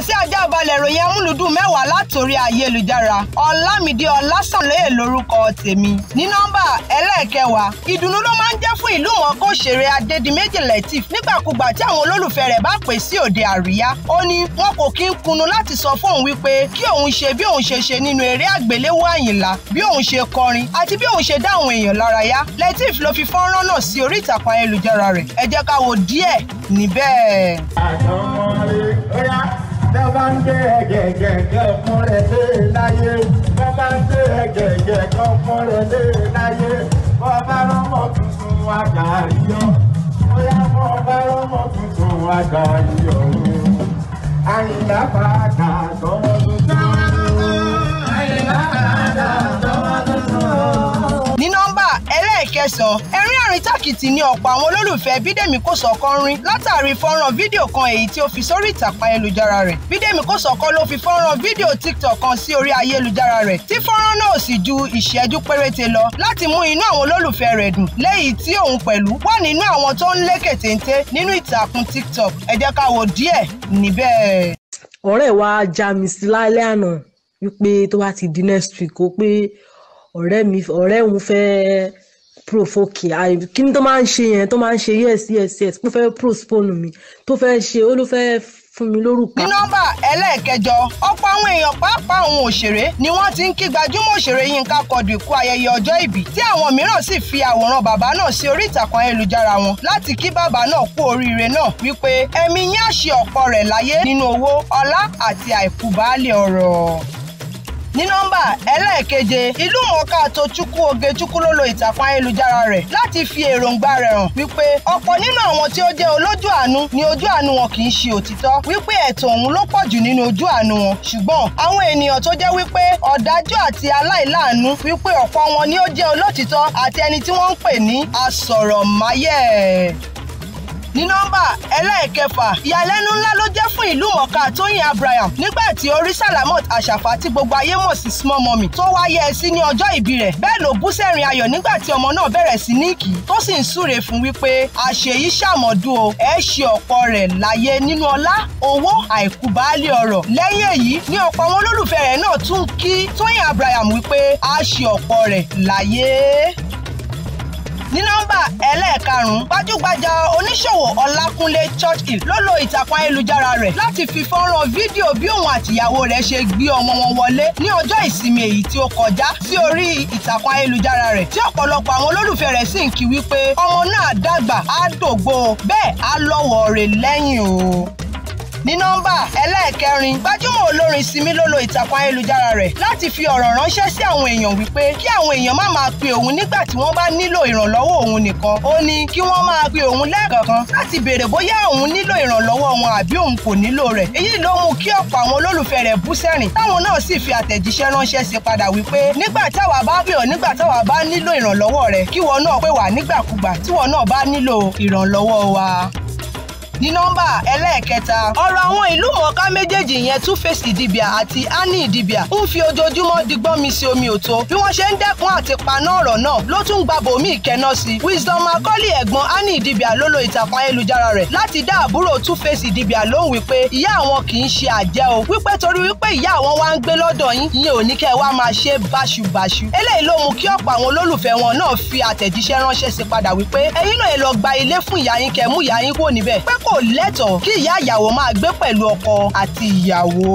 káàbọ̀ sí ajá balẹ̀ ìròyìn amúlùdùn mẹ́wàá látòrí ayélujára ọ̀làmídé ọ̀làsànlẹ̀ lórúkọ tèmi ní nọ́mbà ẹlẹ́ẹ̀kẹwàá ìdùnnú ló máa ń jẹ́ fún ìlú mọ̀ọ́ká òṣèré adédìméjì latif nígbàkúgbà tí àwọn olólùfẹ́ rẹ̀ bá pè sí òde àríyá ó ní wọn kò kí ń kùnú láti sọ fún òun wípé kí òun ṣe bí òun ṣe ṣe nínú eré àgbéléwò àyìnlá bí òun ṣe kọrin àti bí òun ṣe dá àwọn èèyàn lárayá latif ló fi fọ́nrán náà sí orí ìtàkùn ayélujára rẹ̀ ẹ jẹ́ ká wo díẹ̀ níbẹ̀ ẹ̀gẹ̀gẹ̀ ọkàn rẹ̀ lé láyé wọ́n máa ń gbé ẹ̀gẹ̀gẹ̀ ọkàn lé láyé wọ́n bá rọ́mọ tuntun àgbà yíyọ bóyá wọ́n bá rọ́mọ tuntun àgbà yíyọ àyìnlá bá dà lọ́wọ́ àyìnlá bá dà lọ́wọ́ ní nọ́mbà ẹlẹ́ẹ̀kẹsàn-án ẹ̀rín lẹ́kìtì ni ọ̀pọ̀ àwọn olólùfẹ́ Bídèmí Kòsọ́kọ́ ń rin látàrí fọ́nrán fídíò kan èyí tí ó fi sórí ìtàkùn ayélujára rẹ̀ Bídèmí Kòsọ́kọ́ ló fi fọ́nrán fídíò TikTok kan sí orí ayélujára rẹ̀ tí fọ́nrán náà sì ju ìṣẹ́jú péréte lọ láti mú inú àwọn olólùfẹ́ rẹ̀ dùn lẹ́yìn tí òun pẹ̀lú wà nínú àwọn tó ń lé kètéńté nínú ìtàkùn TikTok ẹ jẹ́ ká wo díẹ̀ níbẹ̀. ọ̀rẹ́ wa já mi sí lálẹ́ àná wípé tó bá ti di next week ó pé ọ̀rẹ́ mi ọ̀rẹ́ òun fẹ́ẹ́ proof okay kí ni tó máa ń ṣe yẹn tó máa ń ṣe yes yes yes tó fẹ́ postpone mi tó fẹ́ ṣe ó ló fẹ́ fún mi lórúkọ. ní nọ́mbà ẹlẹ́ẹ̀kẹjọ ọ̀pọ̀ àwọn èèyàn pàápàá àwọn òṣèré ni wọ́n ti ń kí gbajúmọ̀ òṣèré yinka Kọ́dù ikú ayẹyẹ ọjọ́ ìbí tí àwọn mìíràn sì fi àwòrán bàbá náà sí orí ìtàkùn ayélujára wọn láti kí bàbá náà kú oríire náà wípé ẹ̀mí yín àṣẹ ọ̀pọ̀ rẹ̀ láyé nínú owó ọlá àti àìkú baálé ọrọ̀ ní nọ́mbà ẹlẹ́ẹ̀keje ìlú mọ̀ọ́ká tó chukwu oge chukwu ló lo ìtàkùn ayélujára rẹ̀ láti fi èròǹgbà rẹ̀ hàn wípé ọ̀pọ̀ nínú àwọn tí ó jẹ́ olójú àánú ni ojú àánú wọn kì í ṣe òtítọ́ wípé ẹ̀tàn òun ló pọ̀jù nínú ojú àánú wọn ṣùgbọ́n àwọn ènìyàn tó jẹ́ wípé ọ̀dájú àti aláìláàánú wípé ọ̀pọ̀ wọn ni ó jẹ́ olótìtọ́ àti ẹni tí wọ́n ń pè ní asọ̀rọ̀máyẹ̀ ní nọ́mbà ẹlẹ́ẹ̀kẹfà ìyàlẹ́nu ńlá ló jẹ́ fún ìlú mọ̀ká Tóyìn Abraham nígbà tí orí Salamot Àṣàfà tí gbogbo ayé mọ̀ sí small mummy tó wáyé ẹ sí ní ọjọ́ ìbí rẹ̀ bẹ́ẹ̀ ló bú sẹ́rin ayọ̀ nígbà tí ọmọ náà bẹ̀rẹ̀ sí ní kì tó sì ń súre fún wípé àṣeyí ṣàmọ̀dún o ẹ ṣe ọ̀pọ̀ rẹ̀ láyé nínú ọlá owó àìkú baálé ọ̀rọ̀ lẹ́yìn èyí ni ọ̀pọ̀ àwọn olólùfẹ́ rẹ̀ náà tún kí a ṣe ọ̀pọ̀ rẹ̀ láyé ní karùn-ún gbajúgbajà oníṣòwò ọlákúnlé churchill ló lo ìtàkùn ayélujára rẹ̀ láti fi fọ́nrán fídíò bí òun àtìyàwó rẹ̀ ṣe gbé ọmọ wọn wọlé ní ọjọ́ ìsinmi èyí tí ó kọjá sí orí ìtàkùn ayélujára rẹ̀ tí ọ̀pọ̀lọpọ̀ àwọn olólùfẹ́ rẹ̀ sì ń kí wípé ọmọ náà dàgbà á dògbò bẹ́ẹ̀ á lọ́wọ́ rẹ̀ lẹ́yìn o ní nọ́mbà ẹlẹ́ẹ̀kẹrin gbajúmọ̀ olórin Simi ló lo ìtàkùn ayélujára rẹ̀ láti fi ọ̀rọ̀ ránṣẹ́ sí àwọn èèyàn wípé kí àwọn èèyàn má máa pe òun nígbà tí wọ́n bá nílò ìrànlọ́wọ́ òun nìkan ó ní kí wọ́n máa pe òun lẹ́ẹ̀kọ̀kan láti béèrè bóyá òun nílò ìrànlọ́wọ́ wọn àbí òun kò nílò rẹ̀ èyí ló mú kí ọ̀pọ̀ àwọn olólùfẹ́ rẹ̀ bú sẹ́rìn táwọn náà sì fi àtẹ̀jíṣẹ́ ránṣẹ́ sí padà wípé nígbà táwa bá pè ọ́ nígbà táwa bá nílò ìrànlọ́wọ́ rẹ̀ kí wọn náà pè ní nọ́mbà ẹlẹ́ẹ̀kẹta ọ̀rọ̀ àwọn ìlú mọ̀ọ́ká méjèèjì yẹn Tuface Idibia àti Annie Idibia ń fi ojoojúmọ́ digbọ́n mi sí omi òtó bí wọ́n ṣe ń dẹ́kun àti paná ọ̀rọ̀ náà ló tún gba bòmí ìkẹ́ná sí Wisdom Macaulay ẹ̀gbọ́n Annie Idibia ló lo ìtàkùn ayélujára rẹ̀ láti dá àbúrò Tuface Idibia lóhùn wípé ìyá àwọn kì í ṣe àjẹ́ o wípé torí wípé ìyá àwọn wá ń gbé lọ́dọ̀ yín ìyẹn ò ní kẹ́ ẹ wá máa ṣe báṣubàṣu eléyìí ló mú kí ọ̀pọ̀ àwọn olólùfẹ́ wọn náà fi àtẹ̀jíṣẹ́ ránṣẹ́ sí padà wípé ẹ̀yin náà ẹ lọ gba ilé fún ìyá yín kẹ́ mú ìyá yín kúrò níbẹ̀ pé k kò lẹ́tọ̀ọ́ kí ìyá ìyàwó máa gbé pẹ̀lú ọkọ àti ìyàwó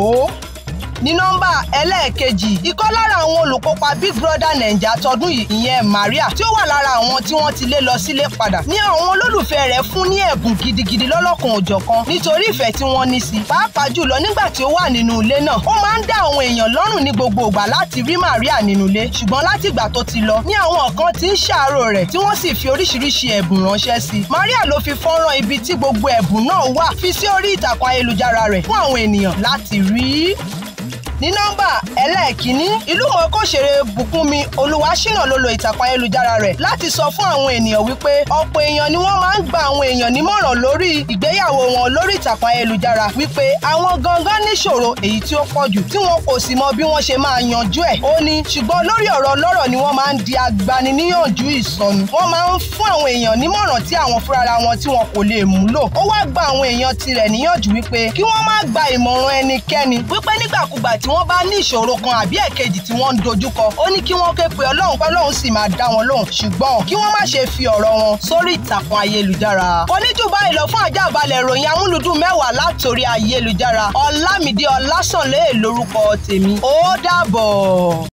ní nọ́mbà ẹlẹ́ẹ̀kejì ìkan lára àwọn olùkópa Big Brother Naija tọdún yìí ìyẹn Maria tí ó wà lára àwọn tí wọ́n ti lé lọ sílé padà ní àwọn olólùfẹ́ rẹ̀ fún ní ẹ̀bùn gidigidi lọ́lọ́kan òjọ̀kan nítorí ìfẹ́ tí wọ́n ní sí pàápàá jùlọ nígbà tí ó wà nínú ilé náà ó máa ń dá àwọn èèyàn lọ́rùn ní gbogbo ìgbà láti rí Maria nínú ilé ṣùgbọ́n láti ìgbà tó ti lọ ní àwọn kan ti ń ṣàárò rẹ̀ tí wọ́n sì fi oríṣiríṣi ẹ̀bùn ránṣẹ́ sí Maria ló fi fọ́nrán ibi tí gbogbo ẹ̀bùn náà wà fi sí orí ìtàkùn ayélujára rẹ̀ fún àwọn ènìyàn láti rí ní nọ́mbà ẹlẹ́ẹ̀kínní ìlúmọ̀ọ́ká òṣèré Bùkúnmi Olúwaṣínà ló lo ìtàkùn ayélujára rẹ̀ láti sọ fún àwọn ènìyàn wípé ọ̀pọ̀ èèyàn ni wọ́n máa ń gba àwọn èèyàn nímọ̀ràn lórí ìgbéyàwó wọn lórí ìtàkùn ayélujára wípé àwọn gangan níṣòro èyí tí ó pọ̀ jù tí wọn kò sì mọ bí wọ́n ṣe máa yanjú ẹ̀ ó ní ṣùgbọ́n lórí ọ̀rọ̀ ọlọ́rọ̀ ni wọ́n máa ń di agbaniníyànjú ìsọnù wọ́n máa ń fún àwọn èèyàn nímọ̀ràn tí àwọn fúnra wọn tí wọn kò lè múlò ó wá gba àwọn èèyàn tirẹ̀ níyànjú wípé kí wọ́n má gba ìmọ̀ràn ẹnikẹ́ni wípé nígbàkúgbà tí w àwọn bá ní ìṣòro kan àbí ẹ̀kejì tí wọ́n ń dojúkọ ó ní kí wọ́n ké pe ọlọ́run pọ́lọ́run sì máa dá wọn lóhùn ṣùgbọ́n kí wọ́n má ṣe fi ọ̀rọ̀ wọn sórí ìtàkùn ayélujára kò báyìí lọ fún àjàbalẹ̀ ìròyìn amúlùdùn mẹ́wàá látòrí ayélujára ọlámídé ọlásànlẹ̀ lórúkọ tèmi ó dàbọ̀.